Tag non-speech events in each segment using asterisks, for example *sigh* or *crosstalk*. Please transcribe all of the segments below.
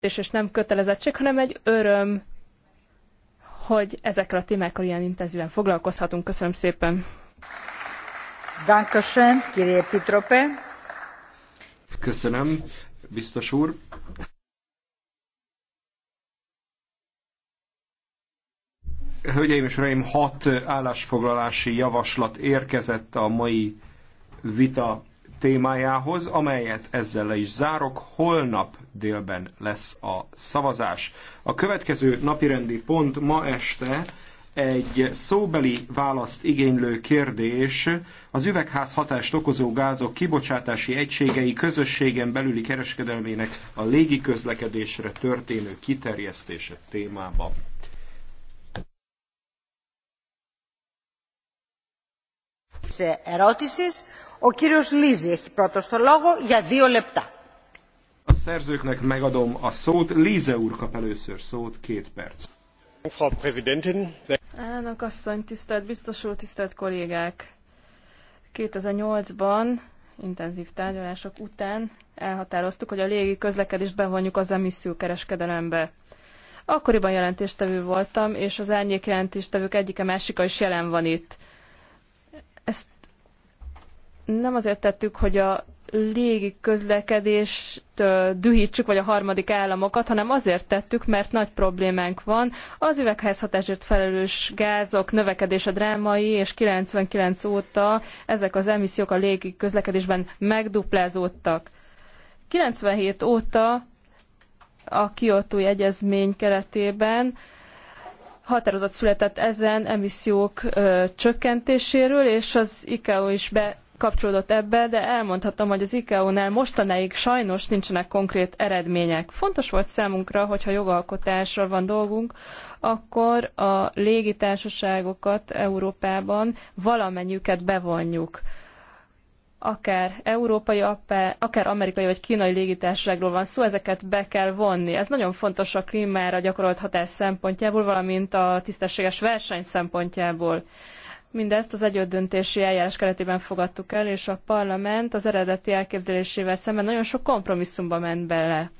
és nem kötelezettség, hanem egy öröm, hogy ezekkel a témákkal ilyen intenzíven foglalkozhatunk. Köszönöm szépen! Dankeschön, Kirje Pitrope. Köszönöm, biztos úr. Hölgyeim és Uraim, hat állásfoglalási javaslat érkezett a mai vita témájához, amelyet ezzel le is zárok. Holnap délben lesz a szavazás. A következő napirendi pont ma este egy szóbeli választ igénylő kérdés az üvegházhatást okozó gázok kibocsátási egységei közösségen belüli kereskedelmének a légiközlekedésre történő kiterjesztése témában. Erotisis, a kíros Lízi έχει πρώτος το λόγο A szerzőknek megadom a szót. Líze úr kap először szót, két perc. Frau Präsidentin. Elnök asszony, tisztelt biztos úr, tisztelt kollégák! 2008-ban intenzív tárgyalások után elhatároztuk, hogy a légi közlekedést bevonjuk az emisszió kereskedelembe. Akkoriban jelentéstevő voltam, és az árnyék jelentéstevők egyike másika is jelen van itt. Ezt nem azért tettük, hogy a légi közlekedést dühítsük, vagy a harmadik államokat, hanem azért tettük, mert nagy problémánk van. Az üvegházhatásért felelős gázok növekedése drámai, és 99 óta ezek az emissziók a légi közlekedésben megduplázódtak. 97 óta a Kiotói Egyezmény keretében határozat született ezen emissziók ö, csökkentéséről, és az ICAO is be kapcsolódott ebbe, de elmondhatom, hogy az ICAO-nál mostanáig sajnos nincsenek konkrét eredmények. Fontos volt számunkra, hogyha jogalkotással van dolgunk, akkor a légitársaságokat Európában valamennyüket bevonjuk akár európai, akár amerikai vagy kínai légitársaságról van szó, ezeket be kell vonni. Ez nagyon fontos a klímára gyakorolt hatás szempontjából, valamint a tisztességes verseny szempontjából. Mindezt az döntési eljárás keretében fogadtuk el, és a parlament az eredeti elképzelésével szemben nagyon sok kompromisszumba ment bele.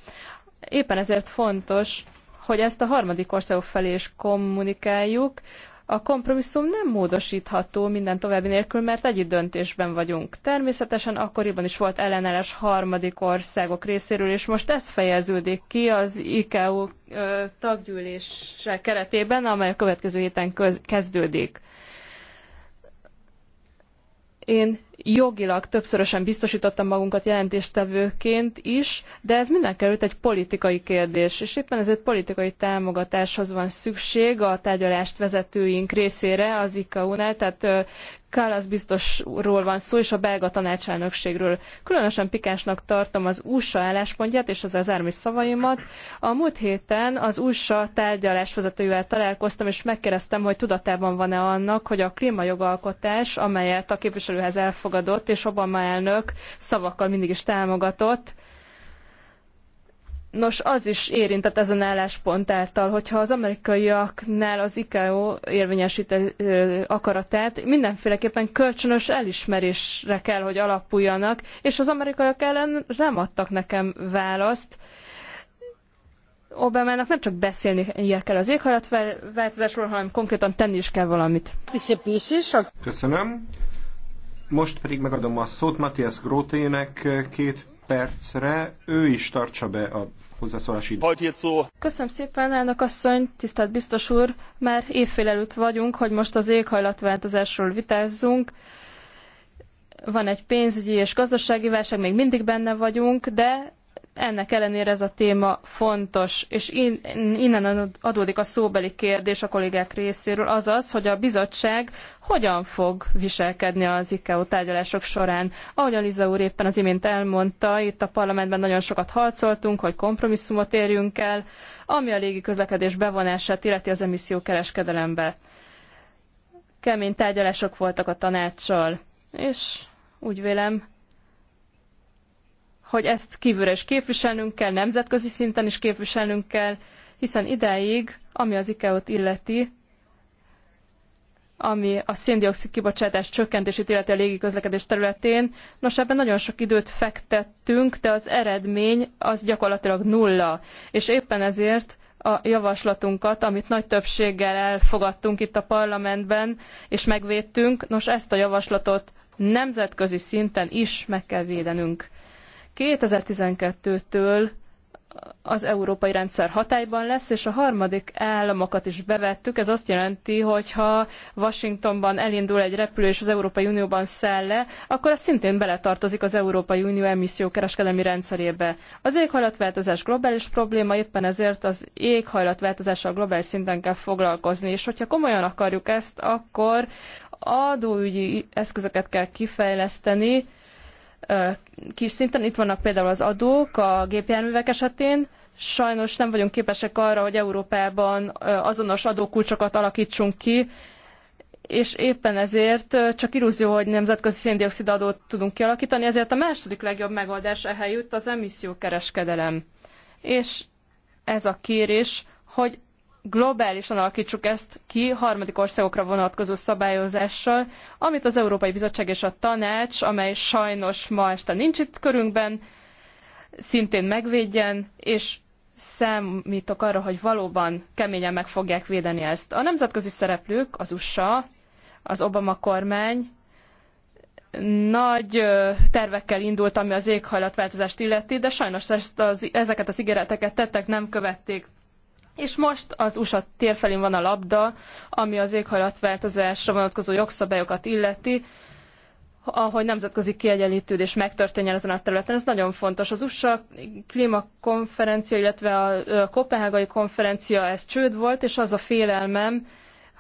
Éppen ezért fontos, hogy ezt a harmadik országok felé is kommunikáljuk. A kompromisszum nem módosítható minden további nélkül, mert együtt döntésben vagyunk. Természetesen akkoriban is volt ellenállás harmadik országok részéről, és most ez fejeződik ki az ICAO taggyűlése keretében, amely a következő héten köz- kezdődik. Én jogilag többszörösen biztosítottam magunkat jelentéstevőként is, de ez mindenkelőtt egy politikai kérdés, és éppen ezért politikai támogatáshoz van szükség a tárgyalást vezetőink részére az ICAO-nál, tehát Kallas biztosról van szó, és a belga tanácselnökségről. Különösen pikásnak tartom az USA álláspontját, és az ezármi szavaimat. A múlt héten az USA tárgyalásvezetőjével találkoztam, és megkérdeztem, hogy tudatában van-e annak, hogy a klímajogalkotás, amelyet a képviselőhez elfogadott, és Obama elnök szavakkal mindig is támogatott, Nos, az is érintett ezen álláspont által, hogyha az amerikaiaknál az ICAO érvényesít akaratát, mindenféleképpen kölcsönös elismerésre kell, hogy alapuljanak, és az amerikaiak ellen nem adtak nekem választ. Obamának nem csak beszélnie kell az éghajlatváltozásról, hanem konkrétan tenni is kell valamit. Köszönöm. Most pedig megadom a szót Matthias Grote-nek két percre, ő is tartsa be a hozzászólási időt. Köszönöm szépen, elnök asszony, tisztelt biztos úr, már évfél előtt vagyunk, hogy most az éghajlatváltozásról vitázzunk. Van egy pénzügyi és gazdasági válság, még mindig benne vagyunk, de ennek ellenére ez a téma fontos, és innen adódik a szóbeli kérdés a kollégák részéről, azaz, hogy a bizottság hogyan fog viselkedni az ICAO tárgyalások során. Ahogy a Liza úr éppen az imént elmondta, itt a parlamentben nagyon sokat harcoltunk, hogy kompromisszumot érjünk el, ami a légi közlekedés bevonását illeti az emissziókereskedelembe. Kemény tárgyalások voltak a tanácssal, és úgy vélem, hogy ezt kívülre is képviselnünk kell, nemzetközi szinten is képviselnünk kell, hiszen idáig, ami az ICAO-t illeti, ami a széndiokszid kibocsátás csökkentését illeti a légiközlekedés területén. Nos, ebben nagyon sok időt fektettünk, de az eredmény az gyakorlatilag nulla. És éppen ezért a javaslatunkat, amit nagy többséggel elfogadtunk itt a parlamentben, és megvédtünk, nos ezt a javaslatot nemzetközi szinten is meg kell védenünk. 2012-től az európai rendszer hatályban lesz, és a harmadik államokat is bevettük. Ez azt jelenti, hogy ha Washingtonban elindul egy repülő és az Európai Unióban száll le, akkor az szintén beletartozik az Európai Unió emissziókereskedelmi rendszerébe. Az éghajlatváltozás globális probléma, éppen ezért az éghajlatváltozással globális szinten kell foglalkozni, és hogyha komolyan akarjuk ezt, akkor adóügyi eszközöket kell kifejleszteni, kis szinten. Itt vannak például az adók a gépjárművek esetén, sajnos nem vagyunk képesek arra, hogy Európában azonos adókulcsokat alakítsunk ki, és éppen ezért csak illúzió, hogy nemzetközi széndiokszid adót tudunk kialakítani, ezért a második legjobb megoldás ehelyütt az emissziókereskedelem. És ez a kérés, hogy globálisan alakítsuk ezt ki harmadik országokra vonatkozó szabályozással, amit az Európai Bizottság és a Tanács, amely sajnos ma este nincs itt körünkben, szintén megvédjen, és számítok arra, hogy valóban keményen meg fogják védeni ezt. A nemzetközi szereplők, az USA, az Obama kormány nagy tervekkel indult, ami az éghajlatváltozást illeti, de sajnos ezt az, ezeket az ígéreteket tettek nem követték és most az USA térfelén van a labda, ami az éghajlatváltozásra vonatkozó jogszabályokat illeti, ahogy nemzetközi kiegyenlítődés megtörténjen ezen a területen. Ez nagyon fontos. Az USA klímakonferencia, illetve a kopenhágai konferencia, ez csőd volt, és az a félelmem,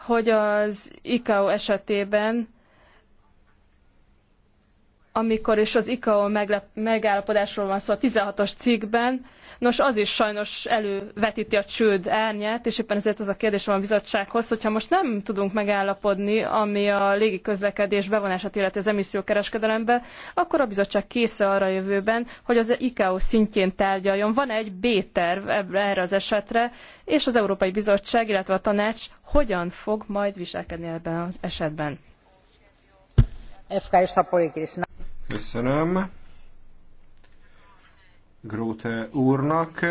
hogy az ICAO esetében amikor is az ICAO megállapodásról van szó a 16-os cikkben, Nos, az is sajnos elővetíti a csőd árnyát, és éppen ezért az a kérdésem a bizottsághoz, hogyha most nem tudunk megállapodni, ami a légiközlekedés bevonását illeti az emissziókereskedelembe, akkor a bizottság késze arra a jövőben, hogy az ICAO szintjén tárgyaljon. Van egy B-terv erre az esetre, és az Európai Bizottság, illetve a tanács hogyan fog majd viselkedni ebben az esetben. Köszönöm. Grót úrnak.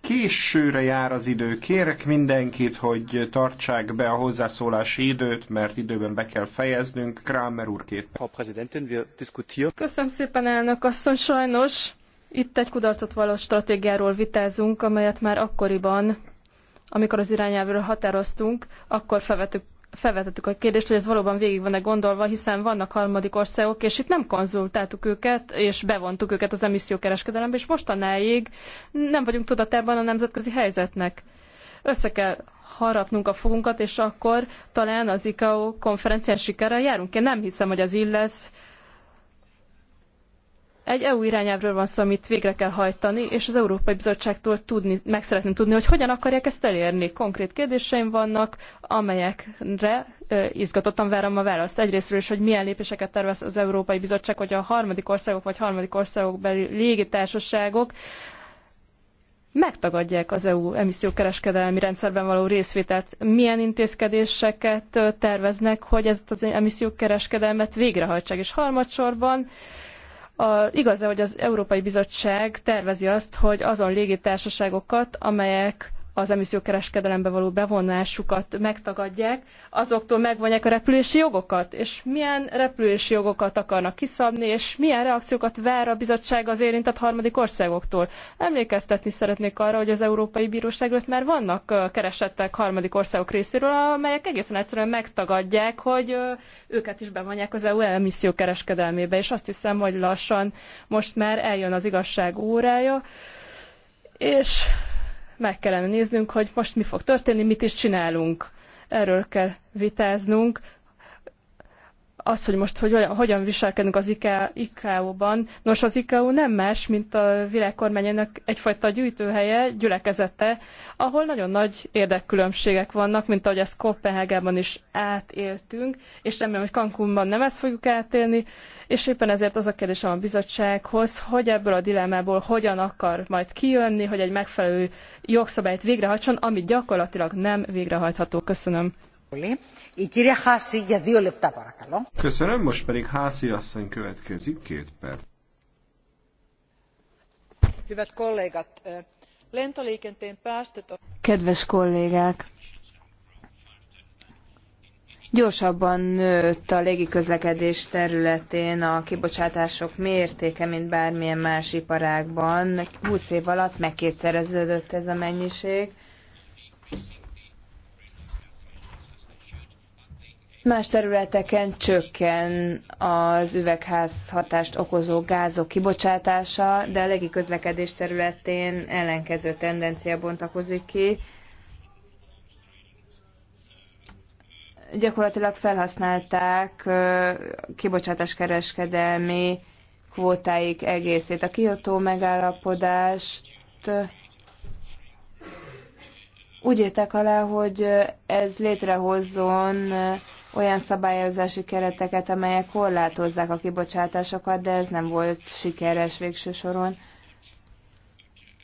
Későre jár az idő. Kérek mindenkit, hogy tartsák be a hozzászólási időt, mert időben be kell fejeznünk. Kramer úr két. Köszönöm szépen, elnök asszony, sajnos. Itt egy kudarcot való stratégiáról vitázunk, amelyet már akkoriban, amikor az irányelvről határoztunk, akkor felvettük felvetettük a kérdést, hogy ez valóban végig van-e gondolva, hiszen vannak harmadik országok, és itt nem konzultáltuk őket, és bevontuk őket az emissziókereskedelembe, és mostanáig nem vagyunk tudatában a nemzetközi helyzetnek. Össze kell harapnunk a fogunkat, és akkor talán az ICAO konferencián sikerrel járunk. Én nem hiszem, hogy az illesz egy EU irányelvről van szó, amit végre kell hajtani, és az Európai Bizottságtól tudni, meg szeretném tudni, hogy hogyan akarják ezt elérni. Konkrét kérdéseim vannak, amelyekre izgatottan várom a választ. Egyrésztről is, hogy milyen lépéseket tervez az Európai Bizottság, hogy a harmadik országok vagy harmadik országokbeli légitársaságok megtagadják az EU emissziókereskedelmi rendszerben való részvételt. Milyen intézkedéseket terveznek, hogy ezt az emissziókereskedelmet végrehajtsák? És harmadsorban a, igaz -e, hogy az Európai Bizottság tervezi azt, hogy azon légitársaságokat, amelyek az emissziókereskedelembe való bevonásukat megtagadják, azoktól megvonják a repülési jogokat, és milyen repülési jogokat akarnak kiszabni, és milyen reakciókat vár a bizottság az érintett harmadik országoktól. Emlékeztetni szeretnék arra, hogy az Európai Bíróság előtt már vannak keresettek harmadik országok részéről, amelyek egészen egyszerűen megtagadják, hogy őket is bevonják az EU emissziókereskedelmébe, és azt hiszem, hogy lassan most már eljön az igazság órája, és meg kellene néznünk, hogy most mi fog történni, mit is csinálunk. Erről kell vitáznunk, az, hogy most hogy, hogyan viselkedünk az ICAO-ban. Nos, az ICAO nem más, mint a világkormányának egyfajta gyűjtőhelye, gyülekezete, ahol nagyon nagy érdekkülönbségek vannak, mint ahogy ezt Kopenhágában is átéltünk, és remélem, hogy Cancúnban nem ezt fogjuk átélni, és éppen ezért az a kérdésem a bizottsághoz, hogy ebből a dilemmából hogyan akar majd kijönni, hogy egy megfelelő jogszabályt végrehajtson, amit gyakorlatilag nem végrehajtható. Köszönöm. Köszönöm, most pedig Hászi asszony következik, két perc. Kedves kollégák! Gyorsabban nőtt a légiközlekedés területén a kibocsátások mértéke, mint bármilyen más iparágban. 20 év alatt megkétszereződött ez a mennyiség Más területeken csökken az üvegház hatást okozó gázok kibocsátása, de a közlekedés területén ellenkező tendencia bontakozik ki. Gyakorlatilag felhasználták kibocsátáskereskedelmi kvótáik egészét. A kiotó megállapodást úgy értek alá, hogy ez létrehozzon olyan szabályozási kereteket, amelyek korlátozzák a kibocsátásokat, de ez nem volt sikeres végső soron.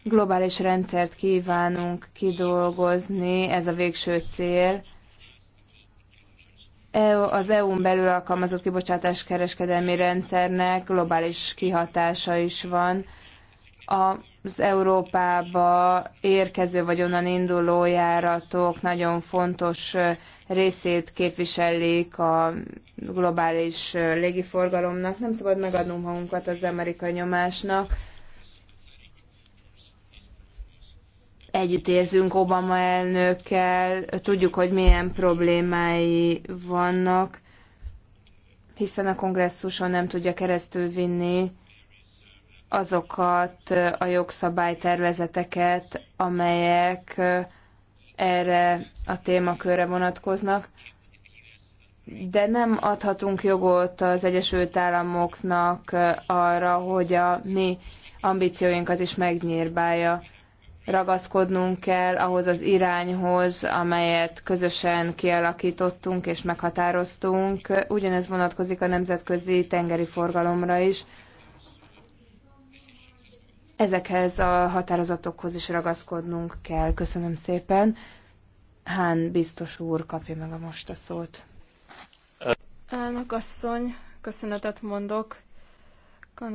Globális rendszert kívánunk kidolgozni, ez a végső cél. E- az EU-n belül alkalmazott kibocsátás kereskedelmi rendszernek globális kihatása is van. Az Európába érkező vagy onnan induló járatok nagyon fontos részét képviselik a globális légiforgalomnak. Nem szabad megadnunk magunkat az amerikai nyomásnak. Együtt érzünk Obama elnökkel, tudjuk, hogy milyen problémái vannak, hiszen a kongresszuson nem tudja keresztül vinni azokat a jogszabálytervezeteket, amelyek erre a témakörre vonatkoznak, de nem adhatunk jogot az Egyesült Államoknak arra, hogy a mi ambícióinkat is megnyírbálja. Ragaszkodnunk kell ahhoz az irányhoz, amelyet közösen kialakítottunk és meghatároztunk. Ugyanez vonatkozik a nemzetközi tengeri forgalomra is Ezekhez a határozatokhoz is ragaszkodnunk kell. Köszönöm szépen. Hán biztos úr kapja meg a most a szót. Elnök asszony, köszönetet mondok.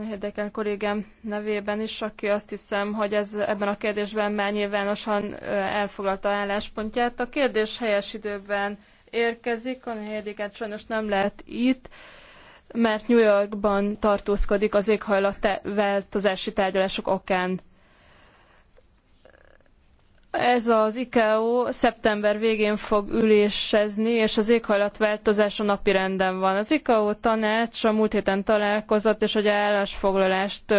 érdekel kollégám nevében is, aki azt hiszem, hogy ez ebben a kérdésben már nyilvánosan elfogadta álláspontját. A kérdés helyes időben érkezik, Kanahedeket sajnos nem lehet itt, mert New Yorkban tartózkodik az éghajlatváltozási tárgyalások okán. Ez az ICAO szeptember végén fog ülésezni, és az éghajlatváltozás a napi renden van. Az ICAO tanács a múlt héten találkozott, és egy állásfoglalást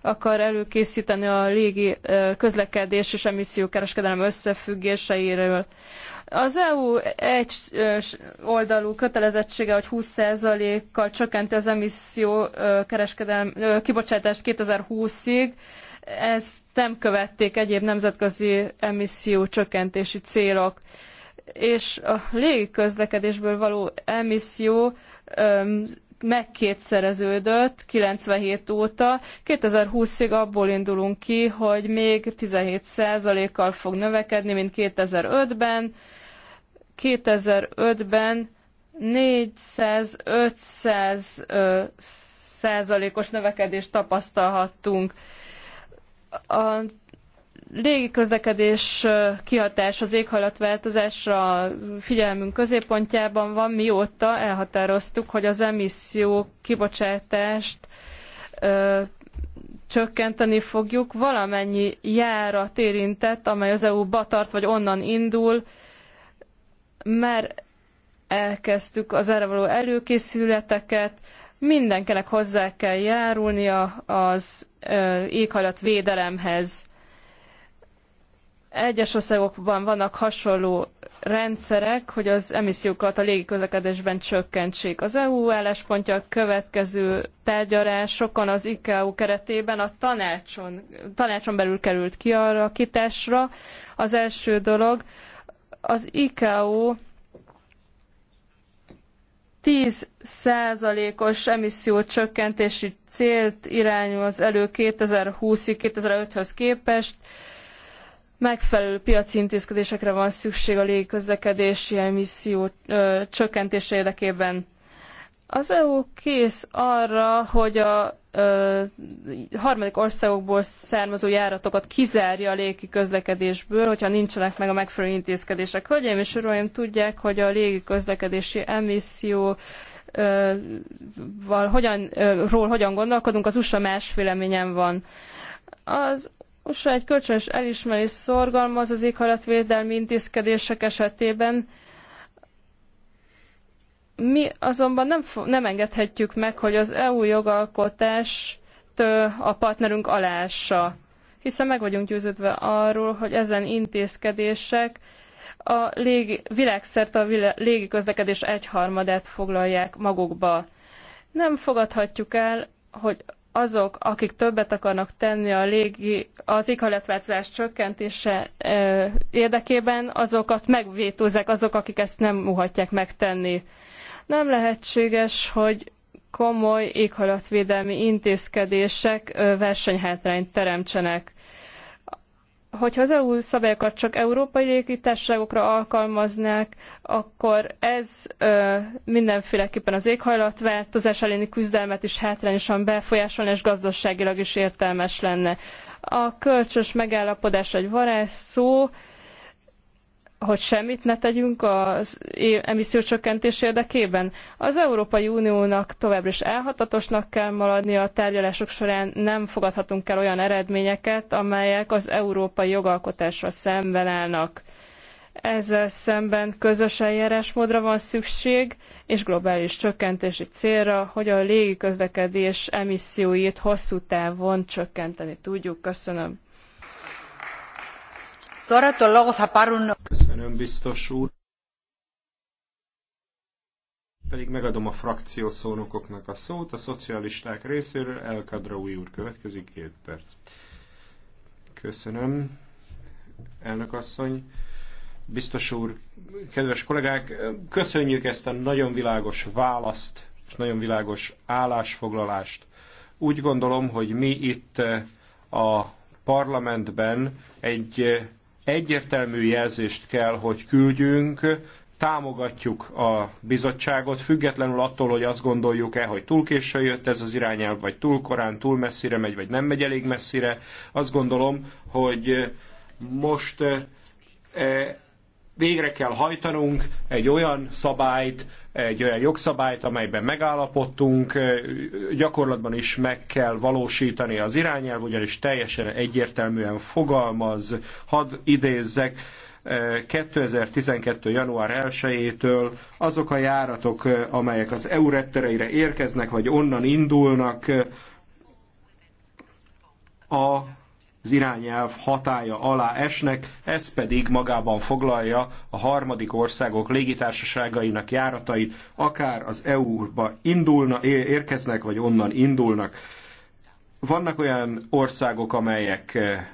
akar előkészíteni a légi közlekedés és emissziókereskedelem összefüggéseiről. Az EU egy oldalú kötelezettsége, hogy 20%-kal csökkenti az emisszió kereskedelm, kibocsátást 2020-ig, ezt nem követték egyéb nemzetközi emisszió csökkentési célok. És a légi közlekedésből való emisszió megkétszereződött 97 óta. 2020-ig abból indulunk ki, hogy még 17%-kal fog növekedni, mint 2005-ben. 2005-ben 400-500 százalékos növekedést tapasztalhattunk. A légi közlekedés kihatás az éghajlatváltozásra figyelmünk középpontjában van, mióta elhatároztuk, hogy az emisszió kibocsátást ö, csökkenteni fogjuk. Valamennyi járat érintett, amely az EU-ba tart, vagy onnan indul, már elkezdtük az erre való előkészületeket, mindenkinek hozzá kell járulnia az éghajlatvédelemhez. Egyes országokban vannak hasonló rendszerek, hogy az emissziókat a légiközlekedésben csökkentsék. Az EU álláspontja a következő tárgyalásokon az ICAO e keretében a tanácson, tanácson belül került kialakításra. Az első dolog, az ICAO e 10%-os emissziócsökkentési célt irányoz elő 2020-ig, 2005-höz képest, megfelelő piaci intézkedésekre van szükség a légiközlekedési emisszió ö, csökkentése érdekében. Az EU kész arra, hogy a ö, harmadik országokból származó járatokat kizárja a légi közlekedésből, hogyha nincsenek meg a megfelelő intézkedések. Hölgyeim és uraim, tudják, hogy a légi közlekedési emisszió val, hogyan, ról hogyan gondolkodunk, az USA más véleményen van. Az USA egy kölcsönös elismerés szorgalmaz az éghajlatvédelmi intézkedések esetében. Mi azonban nem, nem engedhetjük meg, hogy az EU jogalkotást a partnerünk alássa, hiszen meg vagyunk győződve arról, hogy ezen intézkedések a légi, világszerte a légiközlekedés egyharmadát foglalják magukba. Nem fogadhatjuk el, hogy azok, akik többet akarnak tenni a légi, az éghajlatváltozás csökkentése érdekében, azokat megvétózzák azok, akik ezt nem uhatják megtenni. Nem lehetséges, hogy komoly éghajlatvédelmi intézkedések versenyhátrányt teremtsenek hogyha az EU szabályokat csak európai légitársaságokra alkalmaznák, akkor ez ö, mindenféleképpen az éghajlatváltozás elleni küzdelmet is hátrányosan befolyásolni, és gazdaságilag is értelmes lenne. A kölcsös megállapodás egy varázsszó, szó, hogy semmit ne tegyünk az emissziócsökkentés érdekében. Az Európai Uniónak továbbra is elhatatosnak kell maradnia, a tárgyalások során nem fogadhatunk el olyan eredményeket, amelyek az európai jogalkotásra szemben állnak. Ezzel szemben közös eljárásmódra van szükség, és globális csökkentési célra, hogy a légi közlekedés emisszióit hosszú távon csökkenteni tudjuk. Köszönöm. Köszönöm, biztos úr. Pedig megadom a frakció szónokoknak a szót. A szocialisták részéről új úr következik két perc. Köszönöm, elnök asszony. Biztos úr, kedves kollégák, köszönjük ezt a nagyon világos választ és nagyon világos állásfoglalást. Úgy gondolom, hogy mi itt eh, a parlamentben egy eh, Egyértelmű jelzést kell, hogy küldjünk, támogatjuk a bizottságot, függetlenül attól, hogy azt gondoljuk-e, hogy túl késő jött ez az irányelv, vagy túl korán, túl messzire megy, vagy nem megy elég messzire. Azt gondolom, hogy most eh, végre kell hajtanunk egy olyan szabályt, egy olyan jogszabályt, amelyben megállapodtunk, gyakorlatban is meg kell valósítani az irányelv, ugyanis teljesen egyértelműen fogalmaz, hadd idézzek, 2012. január 1-től azok a járatok, amelyek az EU rettereire érkeznek, vagy onnan indulnak, a az irányelv hatája alá esnek, ez pedig magában foglalja a harmadik országok légitársaságainak járatait, akár az EU-ba indulna, érkeznek, vagy onnan indulnak. Vannak olyan országok, amelyek eh,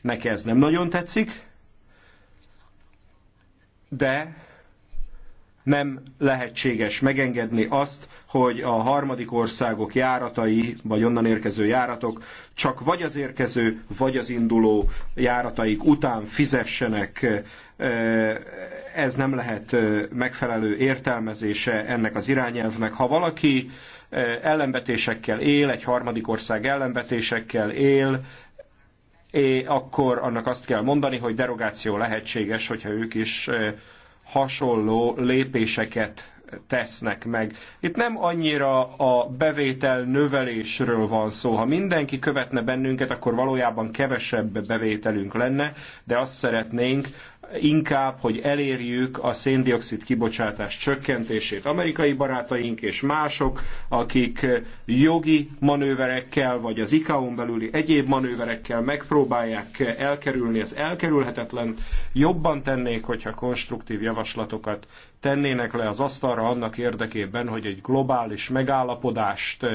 neki ez nem nagyon tetszik, de nem lehetséges megengedni azt, hogy a harmadik országok járatai, vagy onnan érkező járatok csak vagy az érkező, vagy az induló járataik után fizessenek. Ez nem lehet megfelelő értelmezése ennek az irányelvnek. Ha valaki ellenvetésekkel él, egy harmadik ország ellenvetésekkel él, akkor annak azt kell mondani, hogy derogáció lehetséges, hogyha ők is hasonló lépéseket tesznek meg. Itt nem annyira a bevétel növelésről van szó. Ha mindenki követne bennünket, akkor valójában kevesebb bevételünk lenne, de azt szeretnénk, inkább, hogy elérjük a széndiokszid kibocsátás csökkentését. Amerikai barátaink és mások, akik jogi manőverekkel, vagy az ICAO-n belüli egyéb manőverekkel megpróbálják elkerülni az elkerülhetetlen, jobban tennék, hogyha konstruktív javaslatokat tennének le az asztalra annak érdekében, hogy egy globális megállapodást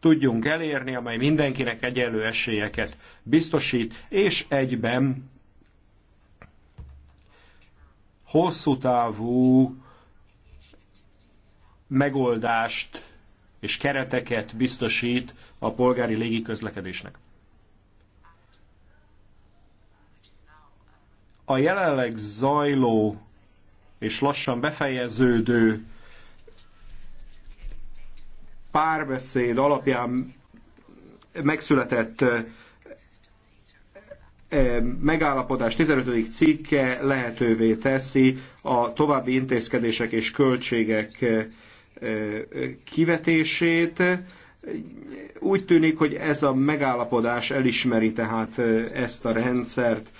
tudjunk elérni, amely mindenkinek egyenlő esélyeket biztosít, és egyben hosszú távú megoldást és kereteket biztosít a polgári légiközlekedésnek. A jelenleg zajló és lassan befejeződő párbeszéd alapján megszületett megállapodás 15. cikke lehetővé teszi a további intézkedések és költségek kivetését. Úgy tűnik, hogy ez a megállapodás elismeri tehát ezt a rendszert.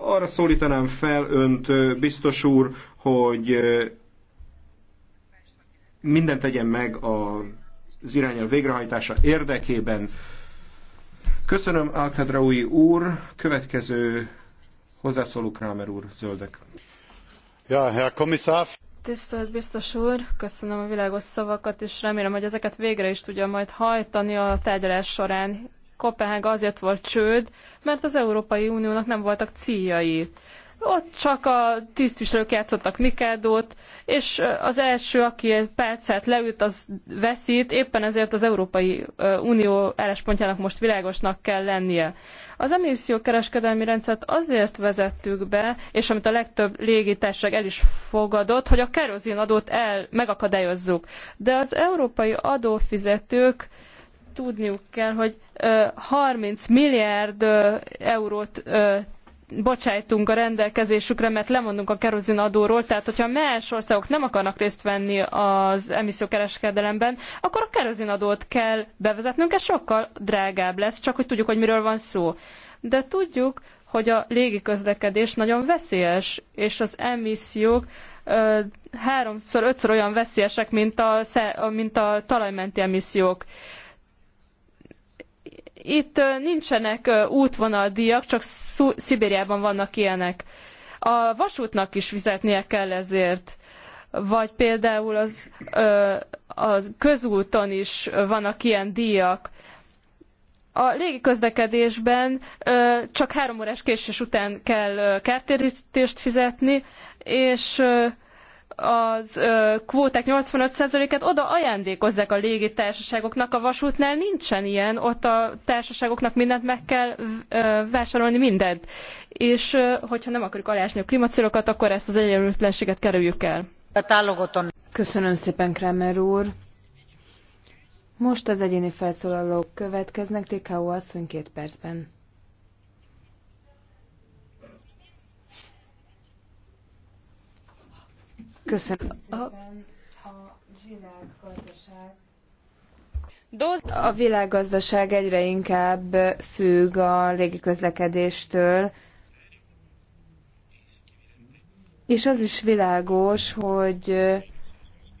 Arra szólítanám fel önt, biztos úr, hogy mindent tegyen meg az irányel végrehajtása érdekében, Köszönöm, Alkadraui úr. Következő hozzászóló Kramer úr, zöldek. Ja, Herr Kommissar. Tisztelt biztos úr, köszönöm a világos szavakat, és remélem, hogy ezeket végre is tudja majd hajtani a tárgyalás során. Kopenhága azért volt csőd, mert az Európai Uniónak nem voltak céljai. Ott csak a tisztviselők játszottak Mikádót, és az első, aki egy pálcát leült, az veszít, éppen ezért az Európai Unió álláspontjának most világosnak kell lennie. Az emissziókereskedelmi rendszert azért vezettük be, és amit a legtöbb légitársaság el is fogadott, hogy a kerozin adót el megakadályozzuk. De az európai adófizetők tudniuk kell, hogy 30 milliárd eurót bocsájtunk a rendelkezésükre, mert lemondunk a kerozin adóról, tehát hogyha más országok nem akarnak részt venni az emissziókereskedelemben, akkor a kerozin adót kell bevezetnünk, ez sokkal drágább lesz, csak hogy tudjuk, hogy miről van szó. De tudjuk, hogy a légiközlekedés nagyon veszélyes, és az emissziók ö, háromszor, ötször olyan veszélyesek, mint a, mint a talajmenti emissziók itt nincsenek útvonaldíjak, csak Szibériában vannak ilyenek. A vasútnak is fizetnie kell ezért. Vagy például az, a közúton is vannak ilyen díjak. A légiközlekedésben csak három órás késés után kell kártérítést fizetni, és az kvóták 85%-et oda ajándékozzák a légitársaságoknak, a vasútnál nincsen ilyen, ott a társaságoknak mindent meg kell vásárolni mindent. És hogyha nem akarjuk alásni a klímacélokat, akkor ezt az egyenlőtlenséget kerüljük el. Köszönöm szépen, Kramer úr. Most az egyéni felszólalók következnek, TKO asszony két percben. Köszönöm. A világgazdaság egyre inkább függ a légiközlekedéstől, és az is világos, hogy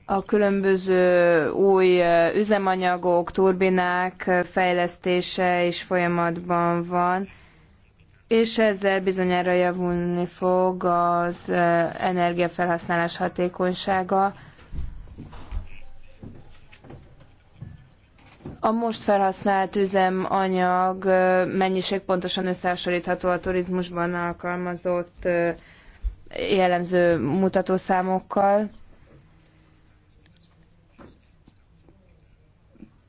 a különböző új üzemanyagok, turbinák fejlesztése is folyamatban van és ezzel bizonyára javulni fog az energiafelhasználás hatékonysága. A most felhasznált üzemanyag mennyiség pontosan összehasonlítható a turizmusban alkalmazott jellemző mutatószámokkal.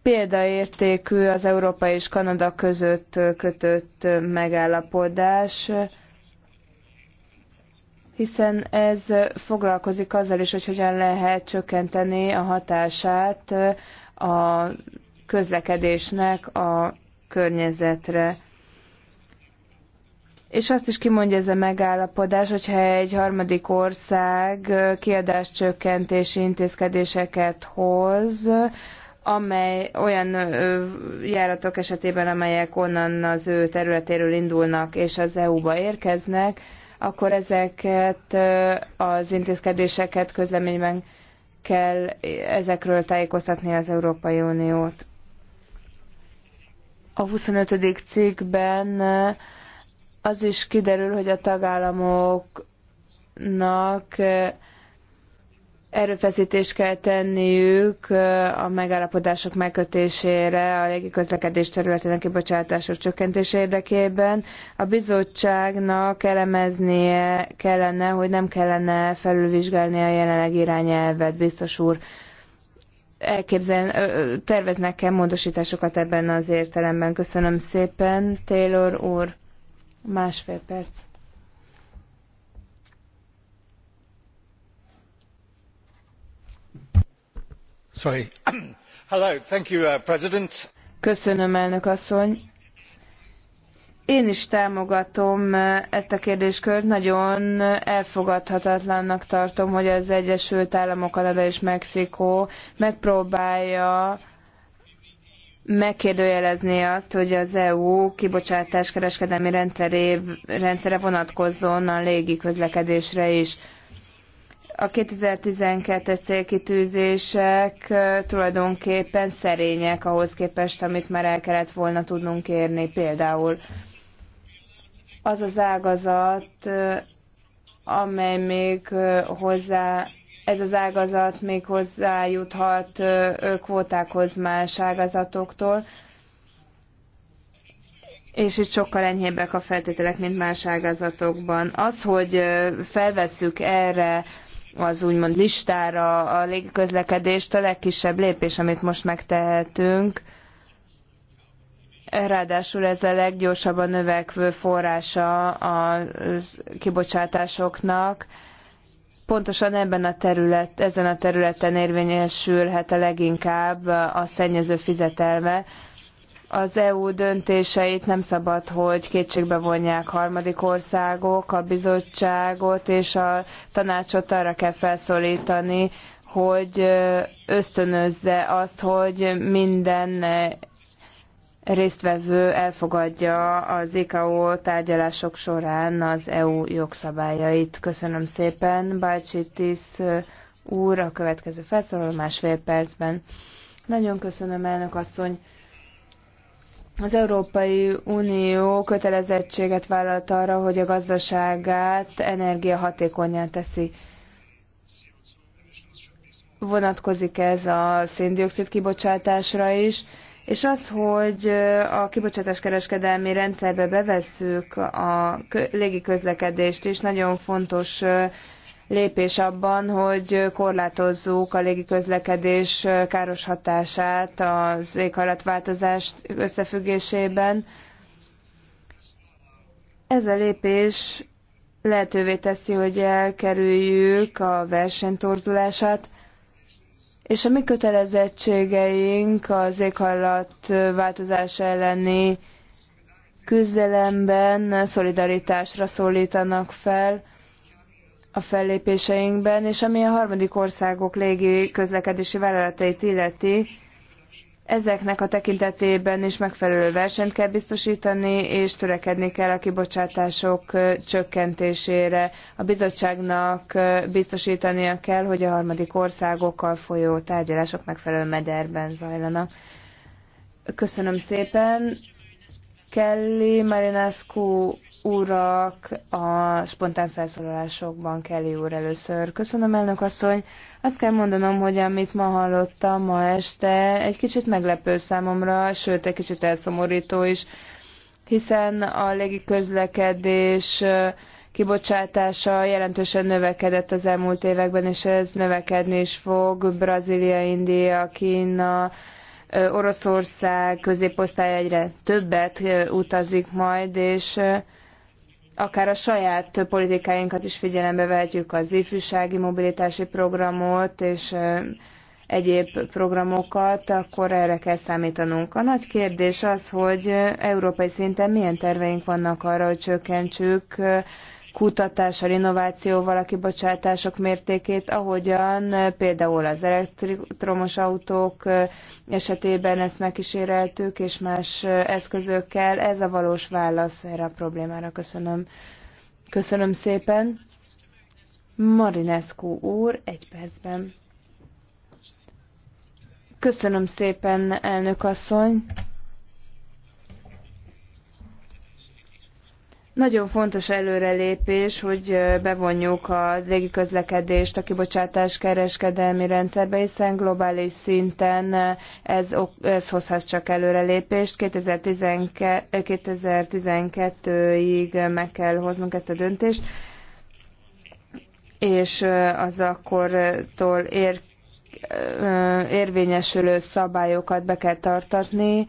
példaértékű az Európa és Kanada között kötött megállapodás, hiszen ez foglalkozik azzal is, hogy hogyan lehet csökkenteni a hatását a közlekedésnek a környezetre. És azt is kimondja ez a megállapodás, hogyha egy harmadik ország kiadáscsökkentési intézkedéseket hoz, amely olyan járatok esetében, amelyek onnan az ő területéről indulnak és az EU-ba érkeznek, akkor ezeket az intézkedéseket közleményben kell ezekről tájékoztatni az Európai Uniót. A 25. cikkben az is kiderül, hogy a tagállamoknak erőfeszítést kell tenniük a megállapodások megkötésére, a légiközlekedés területének kibocsátások csökkentése érdekében. A bizottságnak elemeznie kellene, hogy nem kellene felülvizsgálni a jelenleg irányelvet, biztos úr. Elképzel, terveznek-e módosításokat ebben az értelemben? Köszönöm szépen, Taylor úr. Másfél perc. *clears throat* Uh, Köszönöm, Én is támogatom uh, ezt a kérdéskört. Nagyon elfogadhatatlannak tartom, hogy az Egyesült Államok, Kanada és Mexikó megpróbálja megkérdőjelezni azt, hogy az EU kibocsátás kereskedelmi rendszere vonatkozzon a légi közlekedésre is. A 2012-es célkitűzések tulajdonképpen szerények ahhoz képest, amit már el kellett volna tudnunk érni. Például az az ágazat, amely még hozzá, ez az ágazat még hozzájuthat kvótákhoz más ágazatoktól, és itt sokkal enyhébbek a feltételek, mint más ágazatokban. Az, hogy felveszük erre az úgymond listára a légiközlekedést, a legkisebb lépés, amit most megtehetünk. Ráadásul ez a leggyorsabban növekvő forrása a kibocsátásoknak. Pontosan ebben a terület, ezen a területen érvényesülhet a leginkább a szennyező fizetelme az EU döntéseit nem szabad, hogy kétségbe vonják harmadik országok, a bizottságot és a tanácsot arra kell felszólítani, hogy ösztönözze azt, hogy minden résztvevő elfogadja az ICAO tárgyalások során az EU jogszabályait. Köszönöm szépen, Bácsi úr, a következő felszólaló másfél percben. Nagyon köszönöm, elnök asszony. Az Európai Unió kötelezettséget vállalt arra, hogy a gazdaságát energiahatékonyá teszi. Vonatkozik ez a széndiokszid kibocsátásra is, és az, hogy a kibocsátás kereskedelmi rendszerbe bevesszük a légiközlekedést is, nagyon fontos lépés abban, hogy korlátozzuk a közlekedés káros hatását az éghajlatváltozás összefüggésében. Ez a lépés lehetővé teszi, hogy elkerüljük a versenytorzulását, és a mi kötelezettségeink az éghajlat változás elleni küzdelemben szolidaritásra szólítanak fel, a fellépéseinkben, és ami a harmadik országok légi közlekedési vállalatait illeti, ezeknek a tekintetében is megfelelő versenyt kell biztosítani, és törekedni kell a kibocsátások csökkentésére. A bizottságnak biztosítania kell, hogy a harmadik országokkal folyó tárgyalások megfelelő mederben zajlanak. Köszönöm szépen. Kelly Marinescu urak a spontán felszólalásokban Kelly úr először. Köszönöm, elnök asszony. Azt kell mondanom, hogy amit ma hallottam ma este, egy kicsit meglepő számomra, sőt, egy kicsit elszomorító is, hiszen a légiközlekedés kibocsátása jelentősen növekedett az elmúlt években, és ez növekedni is fog. Brazília, India, Kína, Oroszország középosztály egyre többet utazik majd, és akár a saját politikáinkat is figyelembe vehetjük, az ifjúsági mobilitási programot és egyéb programokat, akkor erre kell számítanunk. A nagy kérdés az, hogy európai szinten milyen terveink vannak arra, hogy csökkentsük kutatással, innovációval a kibocsátások mértékét, ahogyan eh, például az elektromos autók eh, esetében ezt megkíséreltük, és más eh, eszközökkel. Ez a valós válasz erre a problémára. Köszönöm. Köszönöm szépen. Marinescu úr, egy percben. Köszönöm szépen, elnök asszony. Nagyon fontos előrelépés, hogy bevonjuk a közlekedést a kibocsátás kereskedelmi rendszerbe, hiszen globális szinten ez, ez hozhat csak előrelépést. 2012-ig meg kell hoznunk ezt a döntést, és az akkortól ér, érvényesülő szabályokat be kell tartatni,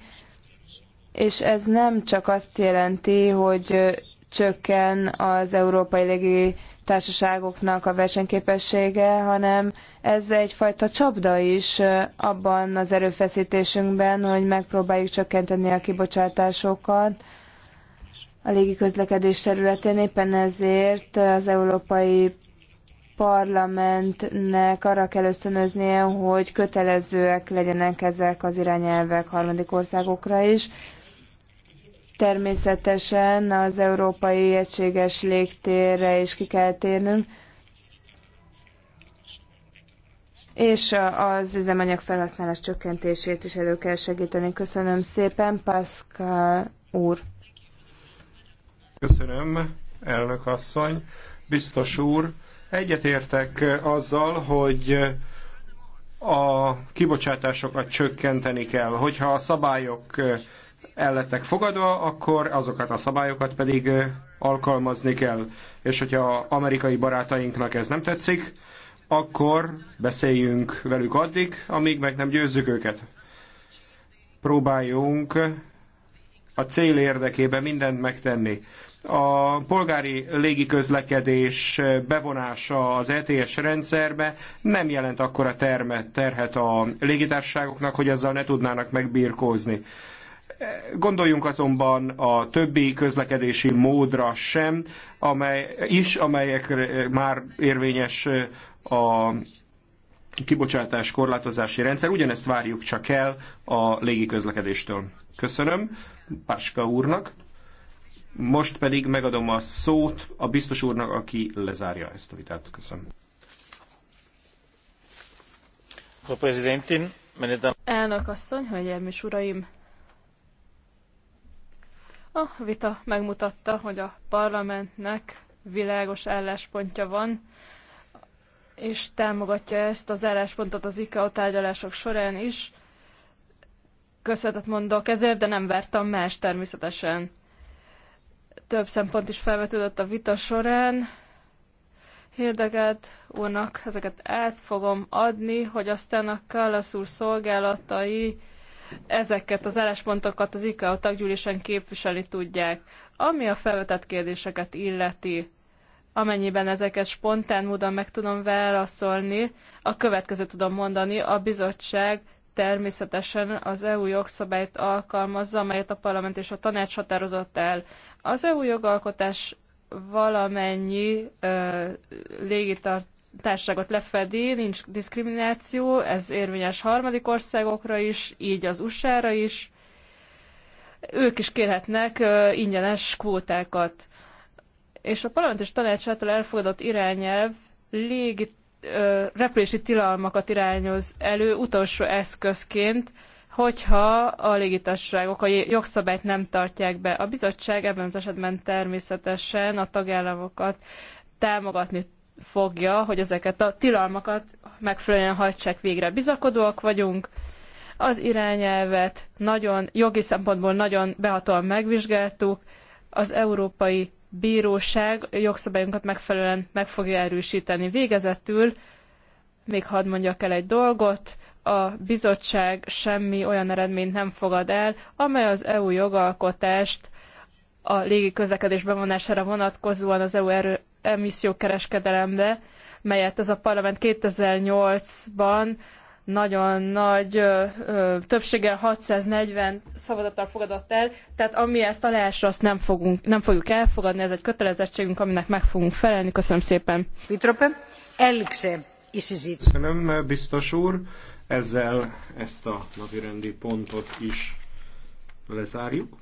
és ez nem csak azt jelenti, hogy csökken az európai légi társaságoknak a versenyképessége, hanem ez egyfajta csapda is abban az erőfeszítésünkben, hogy megpróbáljuk csökkenteni a kibocsátásokat a közlekedés területén. Éppen ezért az Európai Parlamentnek arra kell ösztönöznie, hogy kötelezőek legyenek ezek az irányelvek harmadik országokra is, Természetesen az európai egységes légtérre is ki kell térnünk, és az üzemanyag felhasználás csökkentését is elő kell segíteni. Köszönöm szépen, Pascal úr. Köszönöm, elnök asszony. Biztos úr, egyetértek azzal, hogy a kibocsátásokat csökkenteni kell. Hogyha a szabályok el lettek fogadva, akkor azokat a szabályokat pedig alkalmazni kell. És hogyha amerikai barátainknak ez nem tetszik, akkor beszéljünk velük addig, amíg meg nem győzzük őket. Próbáljunk a cél érdekében mindent megtenni. A polgári légiközlekedés bevonása az ETS rendszerbe nem jelent akkora termet, terhet a légitársaságoknak, hogy ezzel ne tudnának megbírkózni. Gondoljunk azonban a többi közlekedési módra sem, amely, is, amelyek már érvényes a kibocsátás korlátozási rendszer. Ugyanezt várjuk csak el a légiközlekedéstől. Köszönöm Páska úrnak. Most pedig megadom a szót a biztos úrnak, aki lezárja ezt a vitát. Köszönöm. Elnök asszony, hölgyeim és uraim! A vita megmutatta, hogy a parlamentnek világos álláspontja van, és támogatja ezt az álláspontot az ICAO tárgyalások során is. Köszönetet mondok ezért, de nem vártam más természetesen. Több szempont is felvetődött a vita során. Hirdegát úrnak ezeket át fogom adni, hogy aztán a Kallasz úr szolgálatai ezeket az álláspontokat az IKEA taggyűlésen képviselni tudják. Ami a felvetett kérdéseket illeti, amennyiben ezeket spontán módon meg tudom válaszolni, a következőt tudom mondani, a bizottság természetesen az EU jogszabályt alkalmazza, amelyet a parlament és a tanács határozott el. Az EU jogalkotás valamennyi ö, légitart társaságot lefedi, nincs diszkrimináció, ez érvényes harmadik országokra is, így az USA-ra is. Ők is kérhetnek ingyenes kvótákat. És a parlament és tanács által elfogadott irányelv légi repülési tilalmakat irányoz elő utolsó eszközként, hogyha a légitársaságok a jogszabályt nem tartják be. A bizottság ebben az esetben természetesen a tagállamokat támogatni fogja, hogy ezeket a tilalmakat megfelelően hajtsák végre. Bizakodóak vagyunk, az irányelvet nagyon, jogi szempontból nagyon behatóan megvizsgáltuk, az Európai Bíróság jogszabályunkat megfelelően meg fogja erősíteni. Végezetül még hadd mondjak el egy dolgot, a bizottság semmi olyan eredményt nem fogad el, amely az EU jogalkotást a légi közlekedés bevonására vonatkozóan az EU erő emissziókereskedelembe, melyet ez a parlament 2008-ban nagyon nagy ö, ö, többséggel 640 szavazattal fogadott el, tehát ami ezt aláásra, azt nem, fogunk, nem fogjuk elfogadni, ez egy kötelezettségünk, aminek meg fogunk felelni. Köszönöm szépen. Köszönöm, biztos úr. Ezzel ezt a napirendi pontot is lezárjuk.